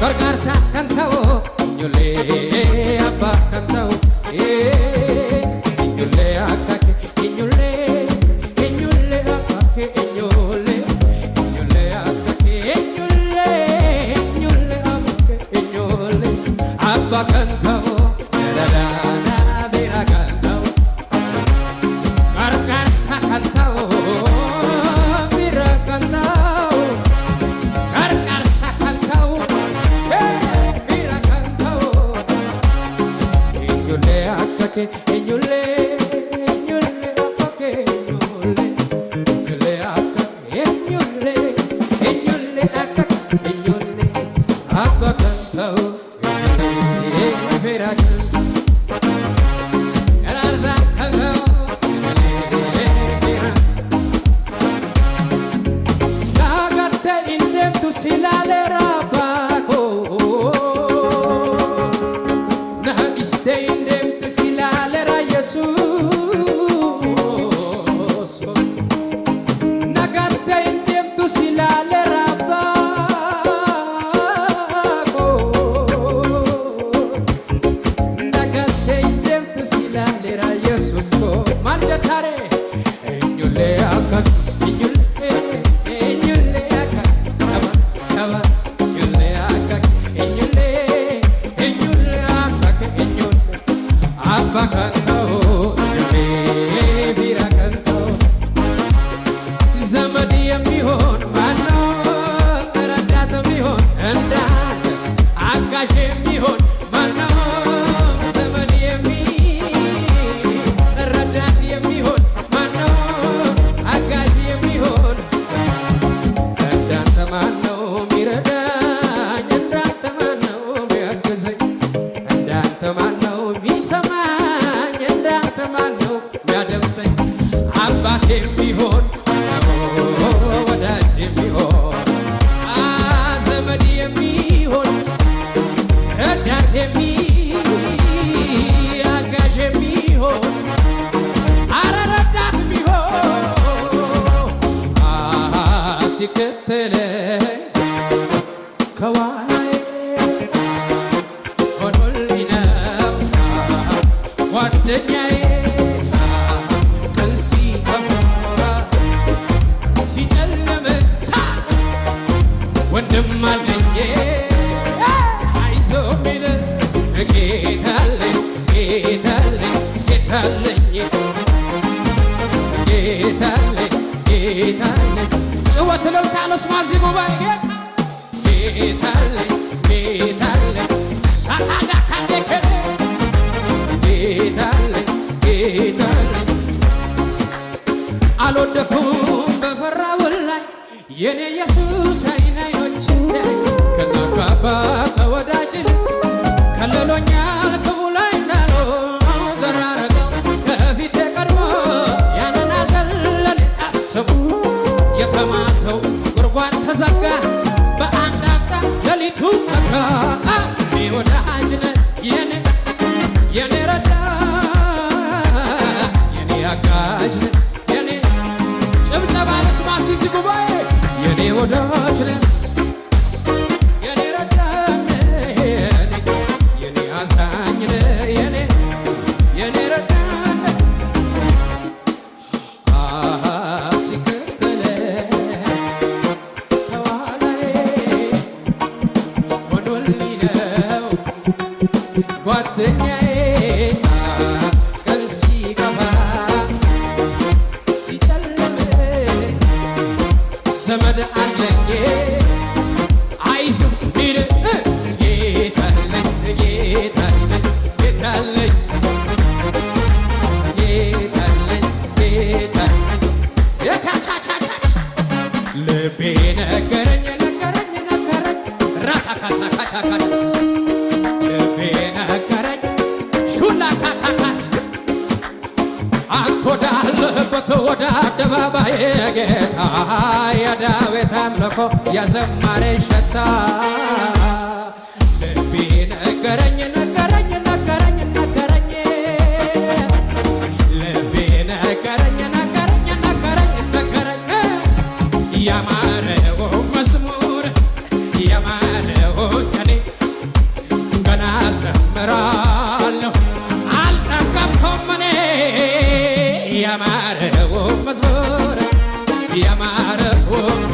Gargaarsa kan ta'u ijoollee abbaa kan ta'u. Silale back and si que tener አልወደኩም በፈራውን ላይ የኔ ኢየሱስ አይናዮችን ሲያይ ከእናቱ አባት ከወዳጅ ከልሎኛል ክፉ ላይ እንዳለ ዘራረገው ከፊቴ ቀድሞ ያንን ሐዘን ለኔ የተማሰው ጉድጓድ ተዘጋ በአንድ አቅጣጫ ሌሊቱ ነጋ ወደ ወዳጅ ነህ የኔ ረዳት የኔ አዛኝ ነህ የኔ ረዳት ነህ ከኋላዬ ሆኖልኝ ነው ጓደኛዬ የዳዊት አምልኮ የዝማሬ ሸታ e amarra. Oh.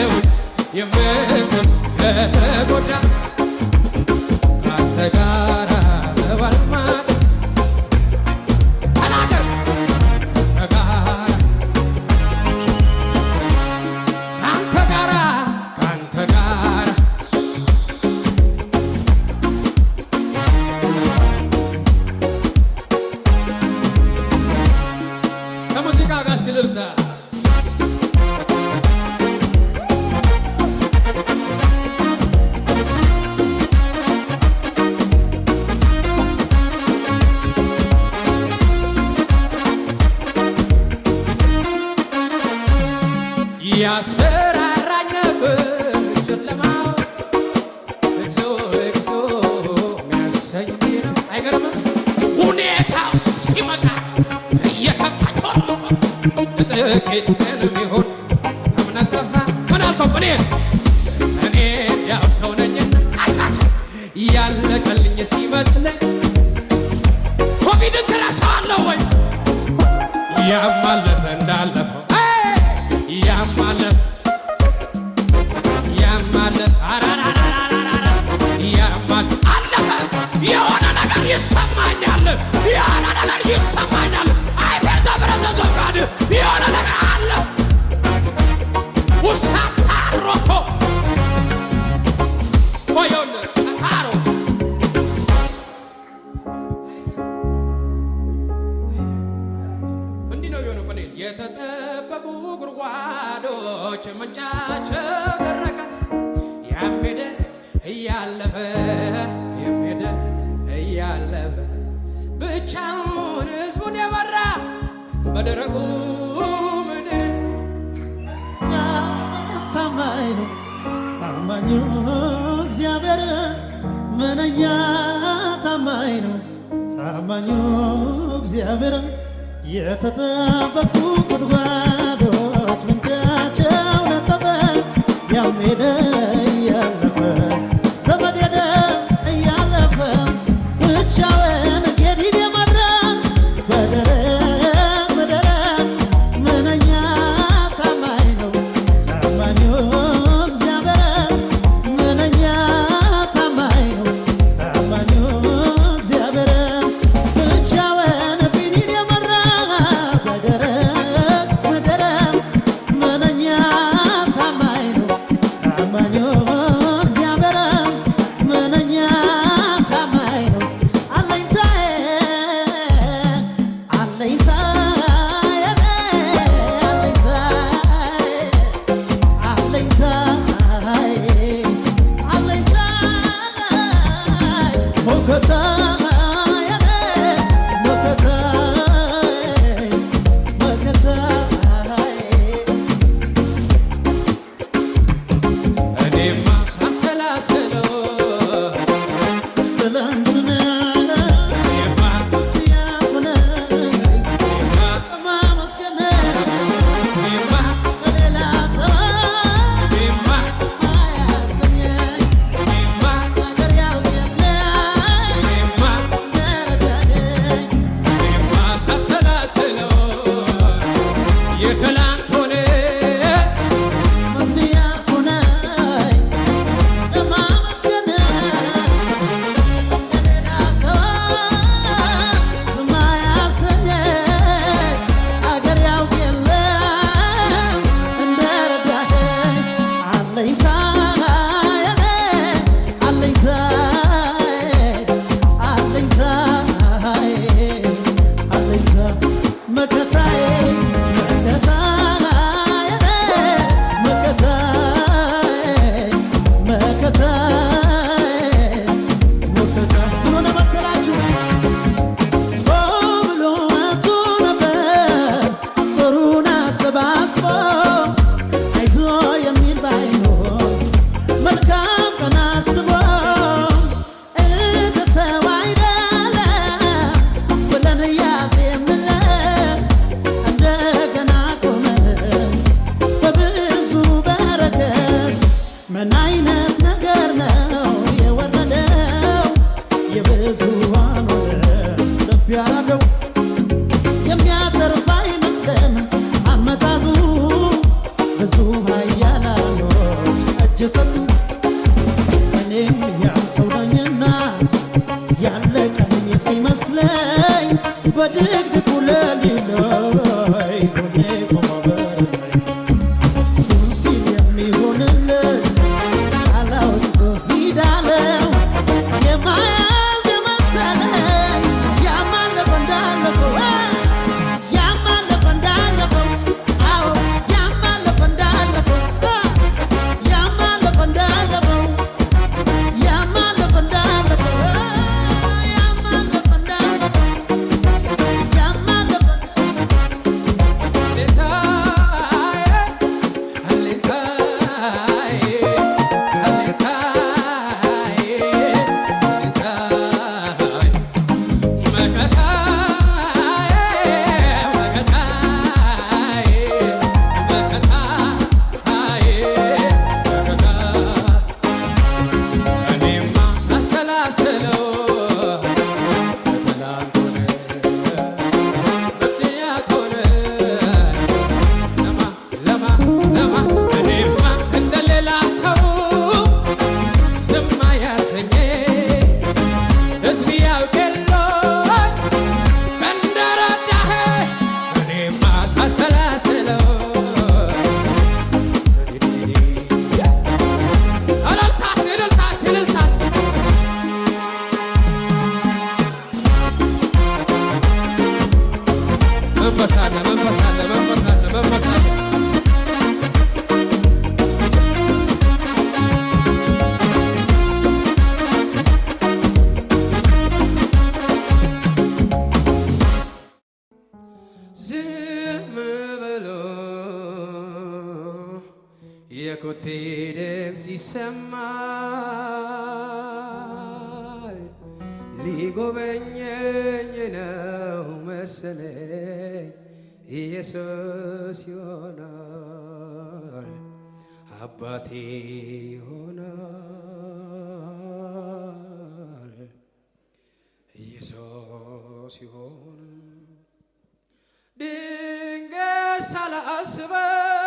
ነው የምቆዳ ካንተ ጋር ሲመጣ እየከበደ ጥቂት ቀን ቢሆን እምነት ጠፋ። ምን አልከው? ያው ሰው ነኝና ያለቀልኝ ሲመስለኝ ኮቪድን ወይ? እንዳለፈው ይሰማኛል የሆነ ነገር ይሰማኛል። አይፌር ተብረሰ ዘጋድ የሆነ ነገር ከተማ የኮቴ ድምፅ ይሰማል ሊጎበኘኝ ነው መሰለኝ ኢየሱስ ይሆናል አባቴ ይሆናል ኢየሱስ ይሆናል ድንገት ሳላስበው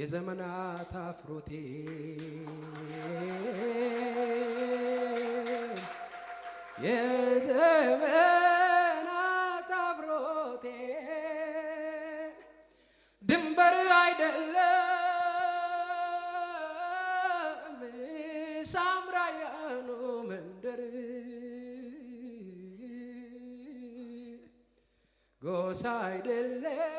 የዘመናት አፍሮቴ የዘመናት አፍሮቴ ድንበር አይደለም ሳምራያኑ መንደር ጎሳ አይደለም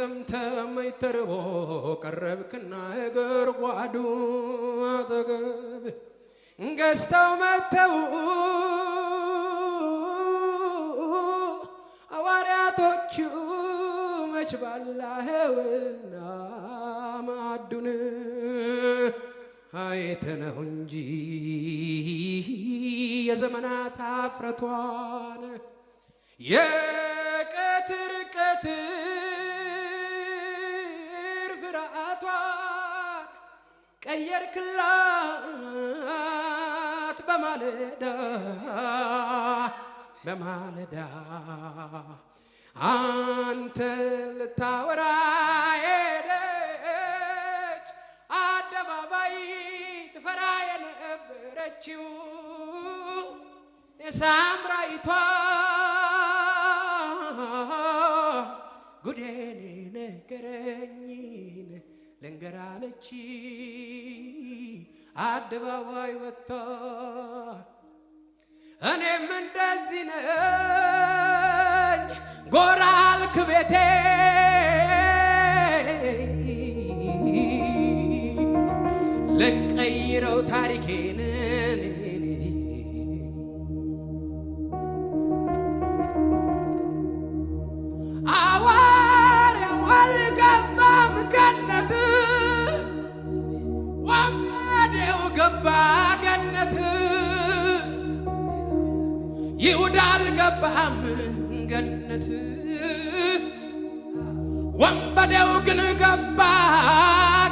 ግጥም ተመኝ ተርቦ ቀረብክና እግር ጓዱ አጠገብ ገዝተው መተው ሐዋርያቶቹ መች ባላህውና ማዕዱን አይተነው እንጂ የዘመናት አፍረቷን ስርዓቷን ቀየርክላት በማለዳ በማለዳ አንተ ልታወራ ሄደች አደባባይ ትፈራ የነበረችው የሳምራይቷ ልንገራለች አደባባይ ወጥታ እኔም እንደዚህ ነኝ ጎራ አልክ ቤቴ ልቀይረው ታሪኬን ገነት ወንበዴው ግን ገባ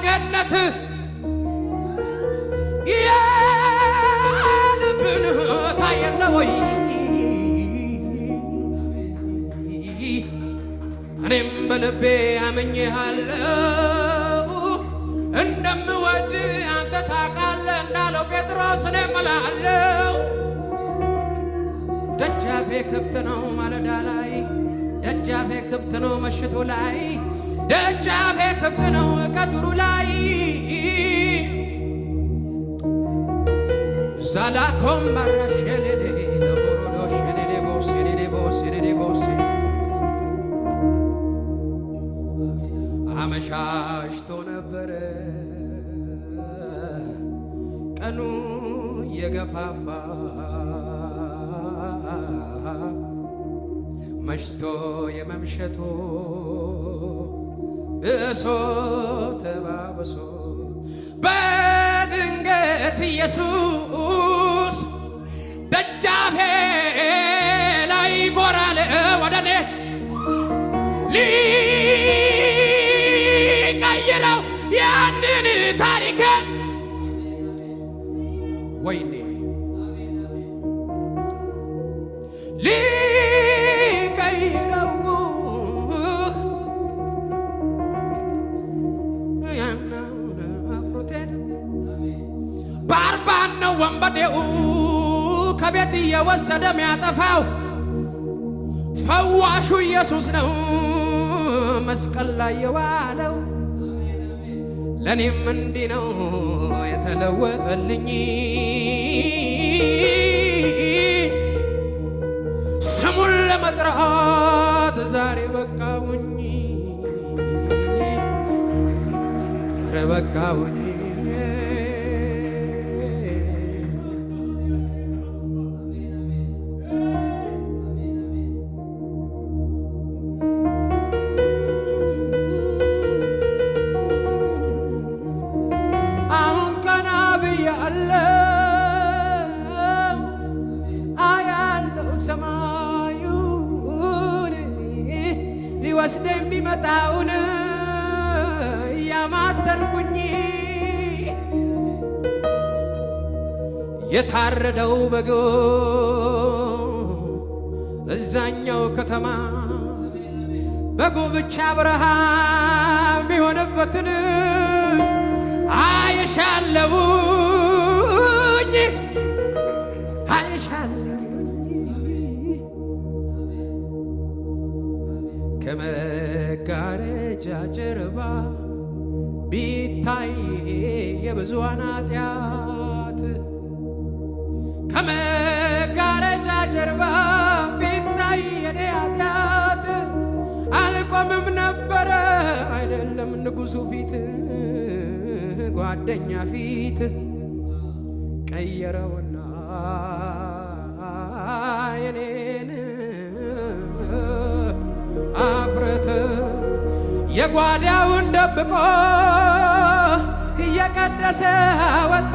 ገነት የልብን ታየለ ወይ እኔም በልቤ አምኜሃለው እንደምወድ አንተ ታውቃለህ እንዳለው ጴጥሮስ እኔም እላለሁ ደጃፌ ክፍት ነው ማለዳ ላይ ደጃፌ ክፍት ነው ምሽቱ ላይ ደጃፌ ክፍት ነው ቀትሩ ላይ ዛላኮም ባራሸሌሌ ለቦሮዶ ሸሌሌ ቦሴ ሌሌ አመሻሽቶ ነበረ ቀኑ የገፋፋ መሽቶ የመምሸቶ ብሶ ተባብሶ በድንገት ኢየሱስ ወዲሁ ከቤት እየወሰደ ሚያጠፋው ፈዋሹ ኢየሱስ ነው መስቀል ላይ የዋለው። ለእኔም እንዲህ ነው የተለወጠልኝ ስሙን ለመጥራት ዛሬ በቃውኝ ኧረ በቃውኝ የታረደው በጎ እዛኛው ከተማ በጎ ብቻ ብርሃን የሆነበትን አየሻለሁኝ ከመጋረጃ ጀርባ ቢታይ የብዙሃን ኃጢአት ከመጋረጃ ጀርባ ቢታይ የኔ ኃጢአት አልቆምም ነበረ አይደለም ንጉሱ ፊት ጓደኛ ፊት ቀየረውና የኔን አፍረት የጓዳውን ደብቆ እየቀደሰ ወጣ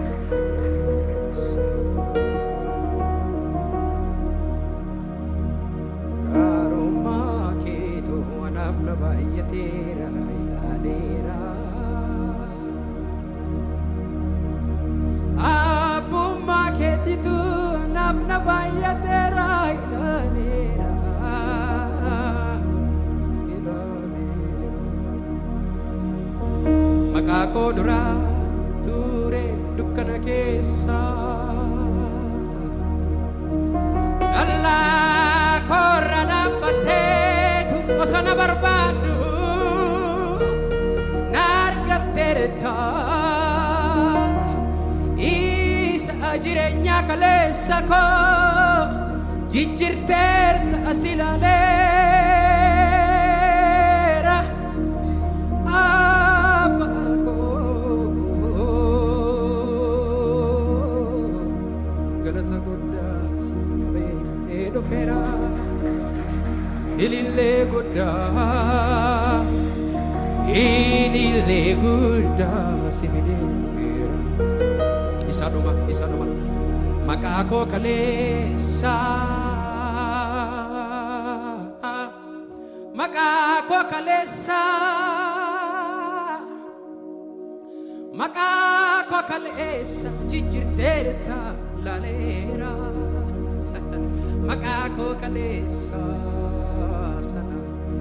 Waaqa kuduraa ture dukana kesa, Dallaa korra dhaabbatteetu bosona Isa jireenyaa kaleessa koo jijjiirteerta as ilaalee. gurda E lille gurda sibileera Isa dhuma isa dhuma maqaa koo kaleessa maqaa koo kaleessa maqaa koo kaleessa jijjirteerta laaleera maqaa koo kaleessa sana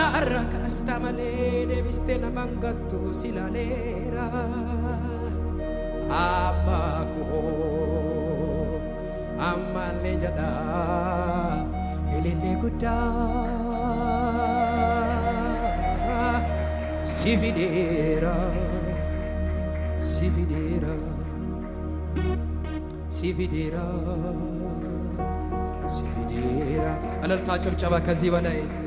Kanarra kaasta malee deebistee lafaan gattu silaaleera. Amma koo ammallee jedha ilillee guddaa si fideera si fideera si fideera si fideera። እልልታ ጭብጨባ ከዚህ በላይ